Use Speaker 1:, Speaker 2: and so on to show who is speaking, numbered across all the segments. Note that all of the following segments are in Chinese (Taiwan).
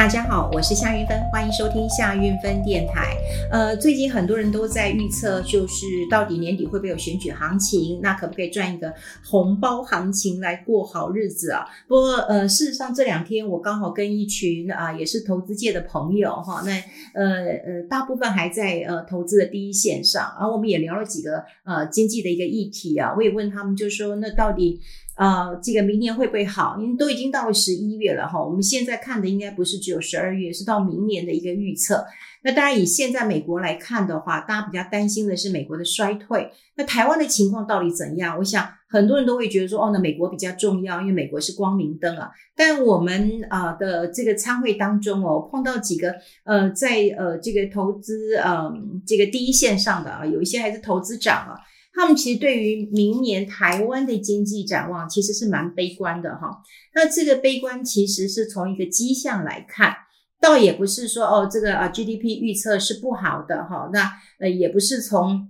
Speaker 1: 大家好，我是夏韻芬，歡迎收聽夏韻芬電台。呃，最近很多人都在預測，就是到底年底會不會有選舉行情？那可不可以賺一個紅包行情來過好日子啊？不過呃，事實上這兩天我剛好跟一群啊、呃，也是投資界的朋友哈，那呃呃，大部分還在呃投資的第一線上，然後我們也聊了幾個呃經濟的一個議題啊，我也問他們，就說那到底？呃，這個明年會不會好？因為都已經到十一月了哈、哦，我們現在看的應該不是只有十二月，是到明年的一個預測。那當然以現在美國來看的話，大家比較擔心的是美國的衰退。那台灣的情況到底怎樣？我想很多人都會覺得說，哦，那美國比較重要，因為美國是光明燈啊。但我們啊、呃、的這個餐會當中哦，碰到幾個呃，在呃這個投資呃這個第一線上的啊，有一些還是投資長啊。他們其實對於明年台灣的經濟展望其實是蠻悲觀的哈。那這個悲觀其實是從一個跡象來看，倒也不是說哦，這個啊 GDP 預測是不好的哈。那呃也不是從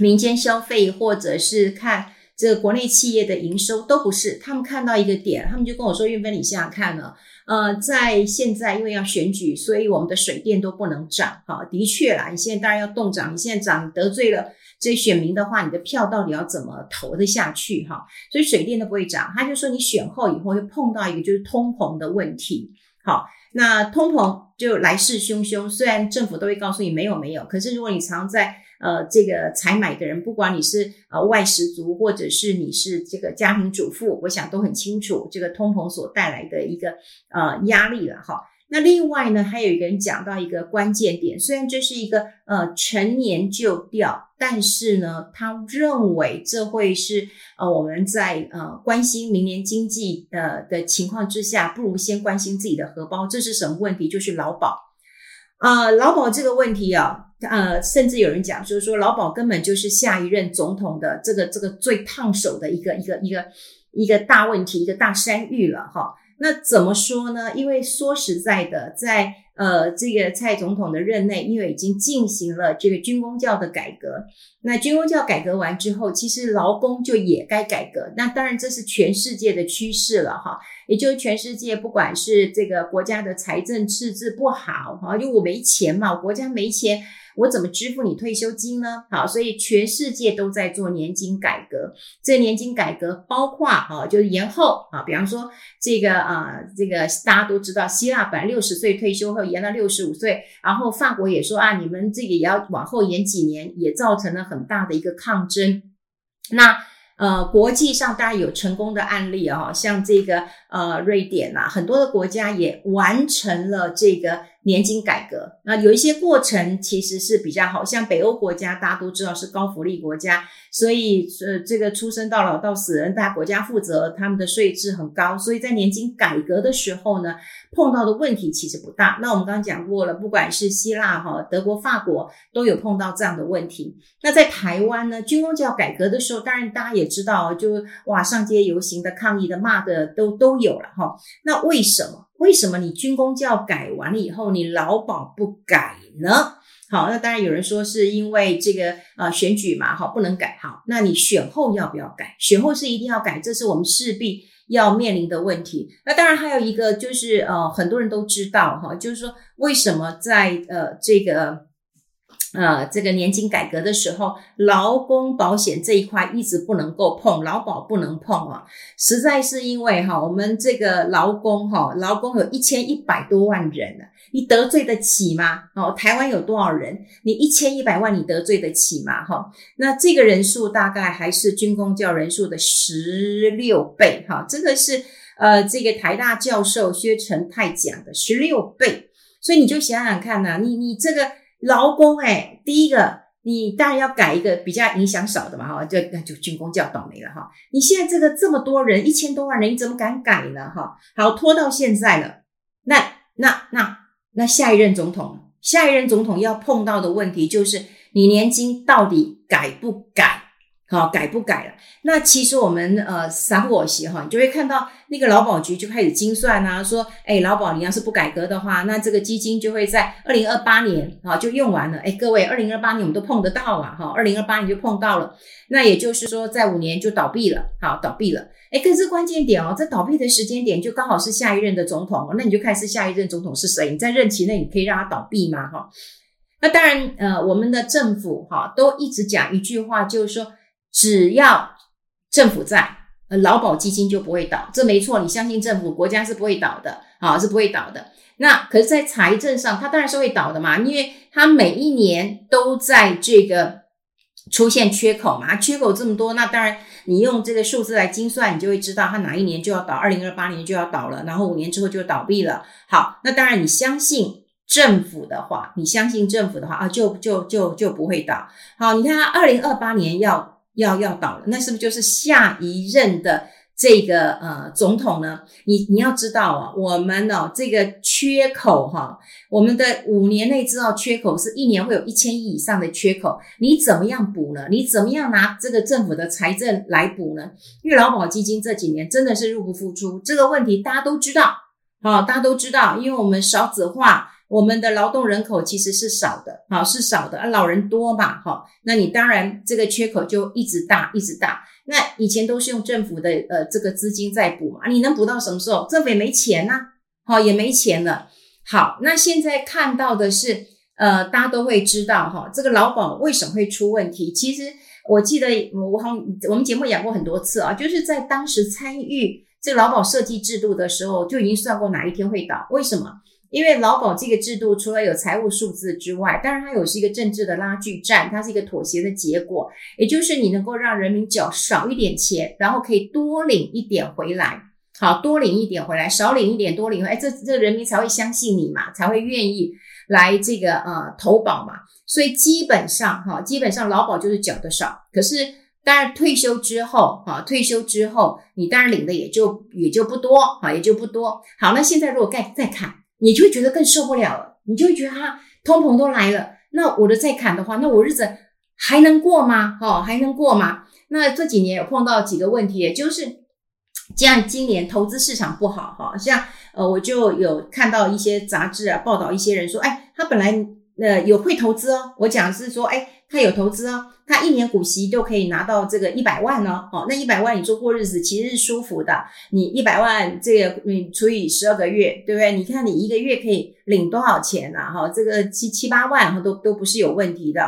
Speaker 1: 民間消費或者是看這個國內企業的營收，都不是。他們看到一個點，他們就跟我說：“韻芬，嗯，你想想看呢？呃，在現在因為要選舉，所以我們的水電都不能漲哈。的確啦，你現在當然要動漲，你現在漲得罪了。”所以選民的話，你的票到底要怎麼投得下去哈？所以水電都不會漲，他就說你選後以後會碰到一個就是通膨的問題。好，那通膨就來勢洶洶，雖然政府都會告訴你沒有沒有，可是如果你常在呃這個採買的人，不管你是呃外食族或者是你是這個家庭主婦，我想都很清楚這個通膨所帶來的一個呃壓力了哈。那另外呢，還有一個人講到一個關鍵點，雖然這是一個呃陳年舊調，但是呢，他認為這會是呃我們在呃關心明年經濟呃的情況之下，不如先關心自己的荷包。這是什麼問題？就是勞保啊，呃，勞保這個問題啊，呃，甚至有人講就是說說勞保根本就是下一任總統的這個這個最燙手的一個一個一個一個大問題，一個大山芋了哈。那怎麼說呢？因為說實在的，在呃這個蔡總統的任內，因為已經進行了這個軍公教的改革。那軍公教改革完之後，其實勞工就也該改革。那當然這是全世界的趨勢了哈，也就是全世界不管是這個國家的財政赤字不好哈，因為我沒錢嘛，我國家沒錢。我怎麼支付你退休金呢？好，所以全世界都在做年金改革。這年金改革包括啊，就是延後啊，比方說這個啊，這個大家都知道，希臘本來六十歲退休後延到六十五歲，然後法國也說啊，你們這個也要往後延幾年，也造成了很大的一個抗爭。那呃，國際上大家有成功的案例啊、哦，像這個呃，瑞典啊，很多的國家也完成了這個。年金改革，那有一些過程其實是比較好，像北歐國家，大家都知道是高福利國家，所以呃這個出生到老到死，人家國家負責，他們的稅制很高，所以在年金改革的時候呢，碰到的問題其實不大。那我們剛剛講過了，不管是希臘哈、德國、法國都有碰到這樣的問題。那在台灣呢，軍公教改革的時候，當然大家也知道，就哇上街遊行的、抗議的、罵的都都有了哈。那為什麼？為什麼你軍公教改完了以後，你勞保不改呢？好，那當然有人說是因為這個啊、呃、選舉嘛，哈，不能改。好，那你選後要不要改？選後是一定要改，這是我們勢必要面臨的問題。那當然還有一個就是，呃，很多人都知道哈、哦，就是說為什麼在呃這個。呃，這個年金改革的時候，勞工保險這一塊一直不能夠碰，勞保不能碰啊。實在是因為哈、啊，我們這個勞工哈、啊，勞工有一千一百多萬人，你得罪得起嗎？哦，台灣有多少人？你一千一百萬，你得罪得起嗎？哈、哦，那這個人數大概還是軍公教人數的十六倍哈、哦，這個是呃，這個台大教授薛成泰講的十六倍，所以你就想想看吶、啊，你你這個。勞工，哎，第一個，你當然要改一個比較影響少的嘛，哈，就那就軍公教，就要倒霉了，哈。你現在這個這麼多人，一千多萬人，你怎麼敢改呢，哈？好，拖到現在了，那那那那下一任總統，下一任總統要碰到的問題就是，你年金到底改不改，好改不改了？那其實我們呃，三不五時哈，你就會看到。那個勞保局就開始精算吶、啊，說，哎、欸，勞保你要是不改革的話，那這個基金就會在二零二八年啊就用完了。哎、欸，各位，二零二八年我們都碰得到啊，哈，二零二八年就碰到了。那也就是說，在五年就倒閉了，好，倒閉了。哎、欸，可是關鍵點哦，在倒閉的時間點就剛好是下一任的總統，那你就看是下一任總統是誰，你在任期內你可以讓他倒閉嗎？哈，那當然，呃，我們的政府哈都一直講一句話，就是說，只要政府在。呃，勞保基金就不會倒，這沒錯。你相信政府，國家是不會倒的，啊，是不會倒的。那可是，在財政上，它當然是會倒的嘛，因為它每一年都在這個出現缺口嘛，缺口這麼多，那當然你用這個數字來精算，你就會知道它哪一年就要倒，二零二八年就要倒了，然後五年之後就倒閉了。好，那當然你相信政府的話，你相信政府的話啊，就就就就不會倒。好，你看它二零二八年要。要要倒了，那是不是就是下一任的這個呃總統呢？你你要知道啊，我們呢、哦、這個缺口哈、啊，我們的五年內知道缺口是一年會有一千億以上的缺口，你怎麼樣補呢？你怎麼樣拿這個政府的財政來補呢？因為勞保基金這幾年真的是入不敷出，這個問題大家都知道，好、哦，大家都知道，因為我們少子化。我們的勞動人口其實是少的，好，是少的，老人多嘛，哈，那你當然這個缺口就一直大，一直大。那以前都是用政府的呃這個資金在補嘛，你能補到什麼時候？政府也沒錢吶、啊，好，也沒錢了。好，那現在看到的是，呃，大家都會知道哈，這個勞保為什麼會出問題？其實我記得我好，我們節目講過很多次啊，就是在當時參與這個勞保設計制度的時候，就已經算過哪一天會倒，為什麼？因為勞保這個制度除了有財務數字之外，當然它也是一個政治的拉鋸戰，它是一個妥協的結果，也就是你能夠讓人民繳少一點錢，然後可以多領一點回來，好，多領一點回來，少領一點，多領回來，哎，這這人民才會相信你嘛，才會願意來這個呃投保嘛，所以基本上哈，基本上勞保就是繳的少，可是當然退休之後哈，退休之後你當然領的也就也就不多哈，也就不多。好，那現在如果再，再看。你就會覺得更受不了了，你就會覺得哈，通膨都來了，那我的再砍的話，那我日子還能過嗎？哦，還能過嗎？那這幾年有碰到幾個問題，也就是這樣，今年投資市場不好，哈，像呃，我就有看到一些雜誌啊報道一些人說，哎，他本來呃有會投資哦，我講的是說，哎。他有投資哦，他一年股息就可以拿到這個一百萬哦，哦，那一百萬你說過日子其實是舒服的。你一百萬這個你除以十二個月，對不對？你看你一個月可以領多少錢啊？哈，這個七七八萬都，都都不是有問題的。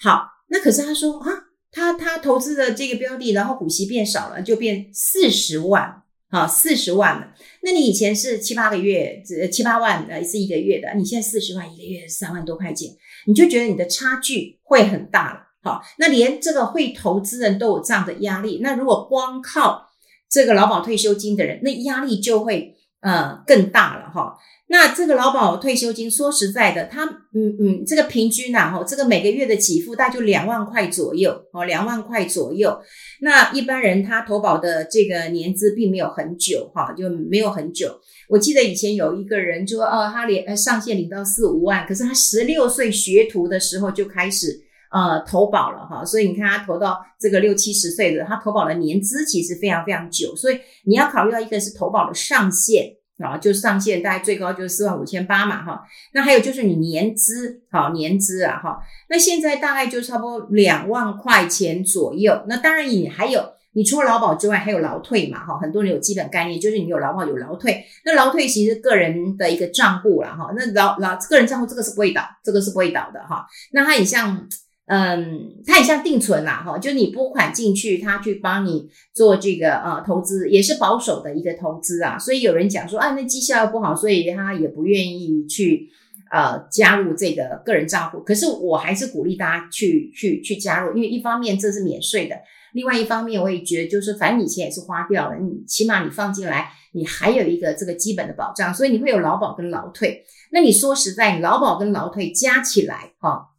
Speaker 1: 好，那可是他說啊，他他投資的這個標的，然後股息變少了，就變四十萬。好，四十萬了。那你以前是七八個月，這七八萬是一個月的，你現在四十萬一個月三萬多塊錢，你就覺得你的差距會很大了。好，那連這個會投資人都有這樣的壓力，那如果光靠這個勞保退休金的人，那壓力就會呃更大了哈。那這個勞保退休金，說實在的，他嗯嗯，這個平均呢，哈，這個每個月的給付，大概就兩萬塊左右，哦，兩萬塊左右。那一般人他投保的這個年資並沒有很久，哈，就沒有很久。我記得以前有一個人說，哦，他連上限領到四五萬，可是他十六歲學徒的時候就開始呃投保了，哈，所以你看他投到這個六七十歲的，他投保的年資其實非常非常久。所以你要考慮到一個是投保的上限。啊，然後就上限大概最高就是四萬五千八嘛，哈。那還有就是你年資，好年資啊，哈。那現在大概就差不多兩萬塊錢左右。那當然你還有，你除了勞保之外，還有勞退嘛，哈。很多人有基本概念，就是你有勞保，有勞退。那勞退其實個人的一個賬戶啦，哈。那勞勞個人賬戶這個是不會倒，這個是不會倒的，哈。那它也像。嗯，它也像定存啦，哈，就你撥款進去，它去幫你做這個呃、啊、投資，也是保守的一個投資啊。所以有人講說啊，那績效又不好，所以他也不願意去呃加入這個個人賬戶。可是我還是鼓勵大家去去去加入，因為一方面這是免稅的，另外一方面我也覺得就是反正你錢也是花掉了，你起碼你放進來，你還有一個這個基本的保障，所以你會有勞保跟勞退。那你說實在，勞保跟勞退加起來，哈、啊。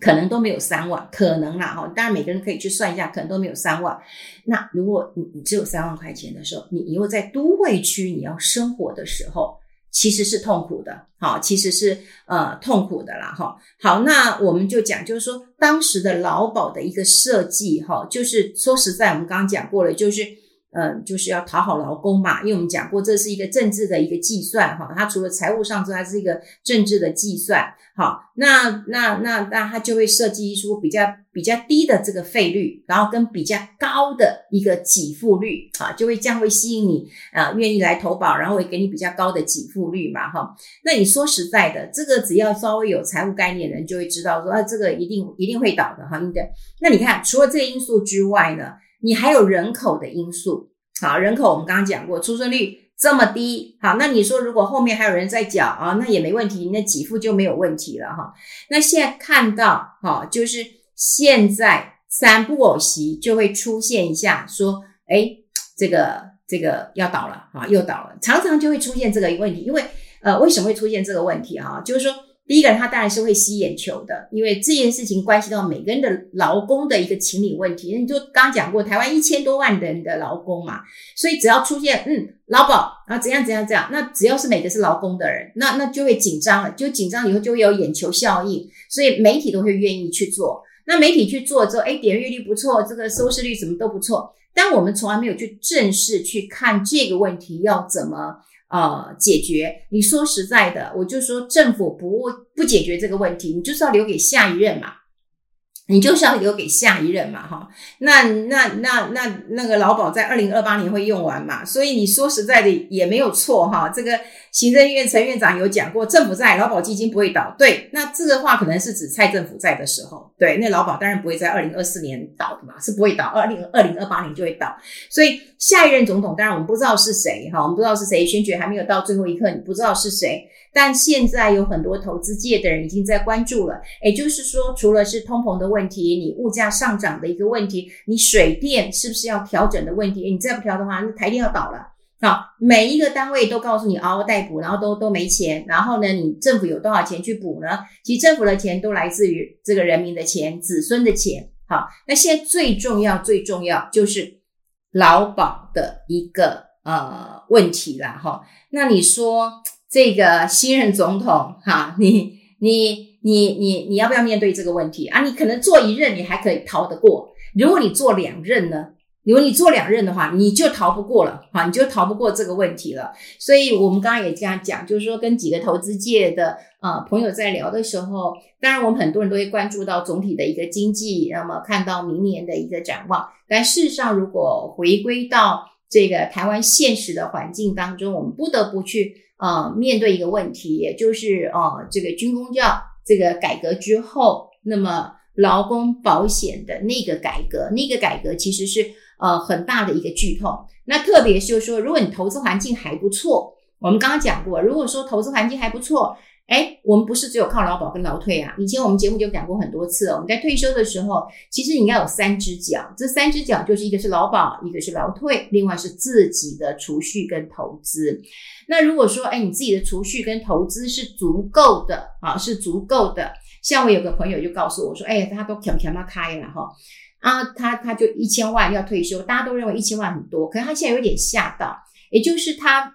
Speaker 1: 可能都沒有三萬，可能啦哈。當然每個人可以去算一下，可能都沒有三萬。那如果你你只有三萬塊錢的時候，你以後在都會區你要生活的時候，其實是痛苦的，哈，其實是呃痛苦的啦哈。好，那我們就講，就是說當時的勞保的一個設計，哈，就是說實在，我們剛剛講過了，就是。嗯、呃，就是要討好勞工嘛，因為我們講過，這是一個政治的一個計算哈。它除了財務上之外，它是一個政治的計算。好，那那那那，那那它就會設計出比較比較低的這個費率，然後跟比較高的一個給付率，哈，就會這樣會吸引你啊、呃，願意來投保，然後也給你比較高的給付率嘛，哈。那你說實在的，這個只要稍微有財務概念的人就會知道說，啊，這個一定一定會倒的哈，應該。那你看，除了這個因素之外呢？你還有人口的因素，好，人口我們剛剛講過，出生率這麼低，好，那你說如果後面還有人在繳啊、哦，那也沒問題，那給付就沒有問題了哈、哦。那現在看到，哈、哦，就是現在三不五時就會出現一下，說，哎，這個這個要倒了，啊、哦，又倒了，常常就會出現這個問題，因為，呃，為什麼會出現這個問題哈、哦，就是說。第一個，他當然是會吸眼球的，因為這件事情關係到每個人的勞工的一個情理問題。你就剛講過，台灣一千多萬人的勞工嘛，所以只要出現嗯勞保啊怎樣怎樣怎樣，那只要是每個是勞工的人，那那就會緊張了，就緊張以後就會有眼球效應，所以媒體都會願意去做。那媒體去做之後，誒、欸、點閱率不錯，這個收視率什麼都不錯，但我們從來沒有去正式去看這個問題要怎麼。呃、嗯，解決，你說實在的，我就說政府不不解決這個問題，你就是要留給下一任嘛，你就是要留給下一任嘛，哈，那那那那那個勞保在二零二八年會用完嘛，所以你說實在的也沒有錯哈，這個。行政院陳院長有講過，政府在勞保基金不會倒。對，那這個話可能是指蔡政府在的時候。對，那勞保當然不會在二零二四年倒的嘛，是不會倒。二零二零二八年就會倒。所以下一任總統，當然我們不知道是誰哈，我們不知道是誰，選舉還沒有到最後一刻，你不知道是誰。但現在有很多投資界的人已經在關注了。也、欸、就是說，除了是通膨的問題，你物價上漲的一個問題，你水電是不是要調整的問題？你再不調的話，那台電要倒了。好，每一個單位都告訴你嗷嗷待哺，然後都都沒錢，然後呢，你政府有多少錢去補呢？其實政府的錢都來自於這個人民的錢、子孫的錢。好，那現在最重要、最重要就是勞保的一個呃問題了哈。那你說這個新任總統哈，你你你你你要不要面對這個問題啊？你可能做一任你還可以逃得過，如果你做兩任呢？如果你做兩任的話，你就逃不過了哈，你就逃不過這個問題了。所以，我們剛剛也這樣講，就是說跟幾個投資界的呃朋友在聊的時候，當然我們很多人都會關注到總體的一個經濟，那麼看到明年的一個展望。但事實上，如果回歸到這個台灣現實的環境當中，我們不得不去呃面對一個問題，也就是哦、呃、這個軍公教這個改革之後，那麼勞工保險的那個改革，那個改革其實是。呃，很大的一個劇痛。那特別是說，如果你投資環境還不錯，我們剛剛講過，如果說投資環境還不錯，誒，我們不是只有靠勞保跟勞退啊。以前我們節目就講過很多次，我們在退休的時候，其實你應該有三隻腳。這三隻腳就是一個是勞保，一個是勞退，另外是自己的儲蓄跟投資。那如果說，誒，你自己的儲蓄跟投資是足夠的啊，是足夠的。像我有個朋友就告訴我說，誒，他都啃啃得開了哈。啊，他他就一千萬要退休，大家都認為一千萬很多，可是他現在有點嚇到，也就是他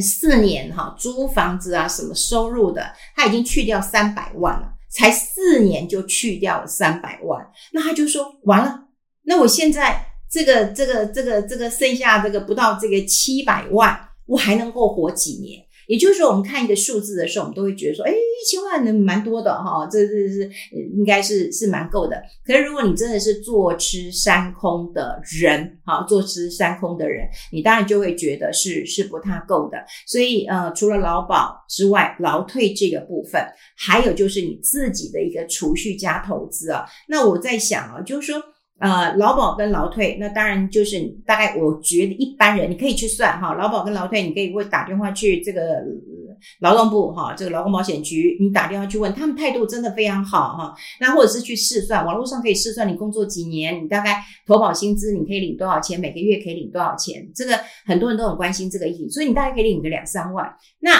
Speaker 1: 四年哈、啊、租房子啊什麼收入的，他已經去掉三百萬了，才四年就去掉了三百萬，那他就說完了，那我現在這個這個這個這個剩下這個不到這個七百萬，我還能夠活幾年？也就是說，我們看一個數字的時候，我們都會覺得說，哎、欸，一千萬人蠻多的哈，這這這，這應該是是蠻夠的。可是，如果你真的是坐吃山空的人，哈，坐吃山空的人，你當然就會覺得是是不太夠的。所以，呃，除了勞保之外，勞退這個部分，還有就是你自己的一個儲蓄加投資啊。那我在想啊，就是說。呃，勞保跟勞退，那當然就是大概，我覺得一般人你可以去算哈，勞保跟勞退，你可以會打電話去這個勞動部哈，這個勞工保險局，你打電話去問，他們態度真的非常好哈。那或者是去試算，網絡上可以試算，你工作幾年，你大概投保薪資，你可以領多少錢，每個月可以領多少錢，這個很多人都很關心這個意義，所以你大概可以領個兩三萬。那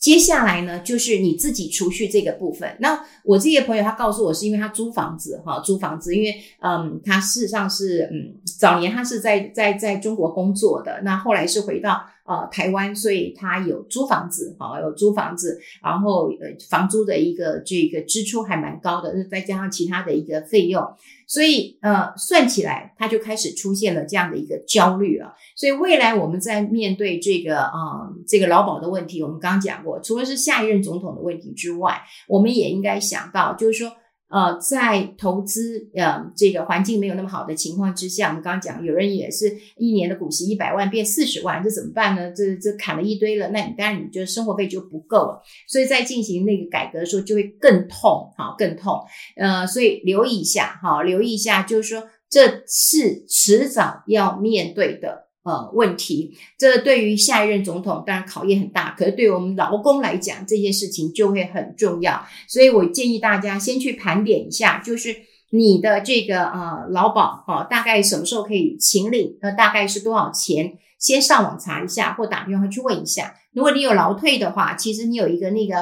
Speaker 1: 接下來呢，就是你自己儲蓄這個部分。那我這些朋友他告訴我，是因為他租房子，哈，租房子，因為嗯，他事實上是嗯，早年他是在在在中國工作的，那後來是回到。呃，台灣，所以他有租房子，好，有租房子，然後呃，房租的一個這個支出還蠻高的，再加上其他的一個費用，所以呃，算起來他就開始出現了這樣的一個焦慮啊。所以未來我們在面對這個啊、呃、這個勞保的問題，我們剛剛講過，除了是下一任總統的問題之外，我們也應該想到，就是說。呃，在投資，呃，這個環境沒有那麼好的情況之下，我們剛剛講，有人也是一年的股息一百萬變四十萬，這怎麼辦呢？這這砍了一堆了，那你當然你就生活費就不夠了，所以在進行那個改革的時候就會更痛，好，更痛，呃，所以留意一下，好，留意一下，就是說這是遲早要面對的。呃，問題，這個、對於下一任總統當然考驗很大，可是對我們勞工來講，這件事情就會很重要。所以我建議大家先去盤點一下，就是你的這個呃勞保哦，大概什麼時候可以請領？那大概是多少錢？先上網查一下，或打電話去問一下。如果你有勞退的話，其實你有一個那個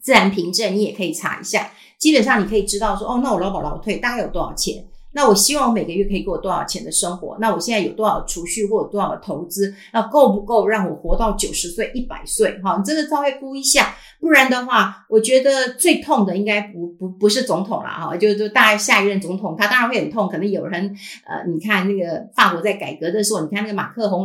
Speaker 1: 自然人憑證，你也可以查一下。基本上你可以知道說，哦，那我勞保勞退大概有多少錢？那我希望我每個月可以過多少錢的生活？那我現在有多少儲蓄或多少的投資？那夠不夠讓我活到九十歲、一百歲？哈，你真的稍微估一下，不然的話，我覺得最痛的應該不不不是總統了哈，就是就大概下一任總統，他當然會很痛，可能有人呃，你看那個法國在改革的時候，你看那個馬克宏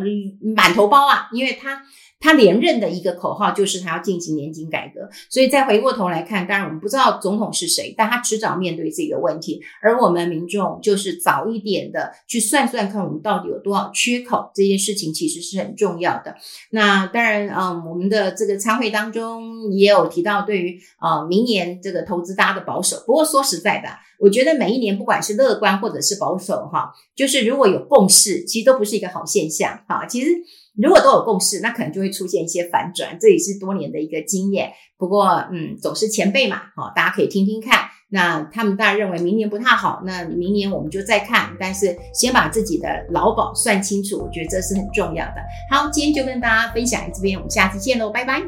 Speaker 1: 滿頭包啊，因為他他連任的一個口號就是他要進行年金改革，所以再回過頭來看，當然我們不知道總統是誰，但他遲早面對這個問題，而我們民眾。就是早一點的去算算看，我們到底有多少缺口，這件事情其實是很重要的。那當然，嗯，我們的這個參會當中也有提到，對於啊、嗯、明年這個投資大家的保守。不過說實在的，我覺得每一年不管是樂觀或者是保守，哈，就是如果有共識，其實都不是一個好現象。哈，其實如果都有共識，那可能就會出現一些反轉，這也是多年的一個經驗。不過，嗯，總是前輩嘛，好，大家可以聽聽看。那他們大家認為明年不太好，那明年我們就再看，但是先把自己的勞保算清楚，我覺得這是很重要的。好，今天就跟大家分享這邊，我們下次見嘍，拜拜。